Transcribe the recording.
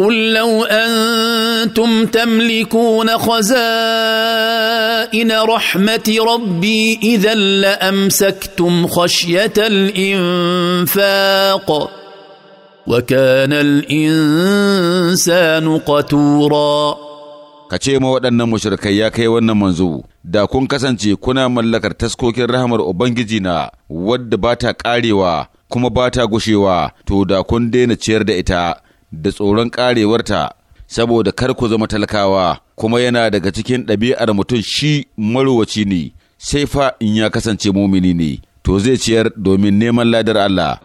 قل لو انتم تملكون خزائن رحمه ربي اذا لامسكتم خشيه الانفاق وكان الانسان قتورا ka ce ma waɗannan mushrikai ya kai wannan manzo da kun kasance kuna mallakar taskokin rahamar ubangiji na wadda ba ta ƙarewa kuma ba ta gushewa to da kun daina ciyar da ita da tsoron ƙarewarta saboda kar ku zama talakawa kuma yana daga cikin ɗabi'ar mutum shi marowaci ne sai fa in ya kasance mumini ne to zai ciyar domin neman ladar Allah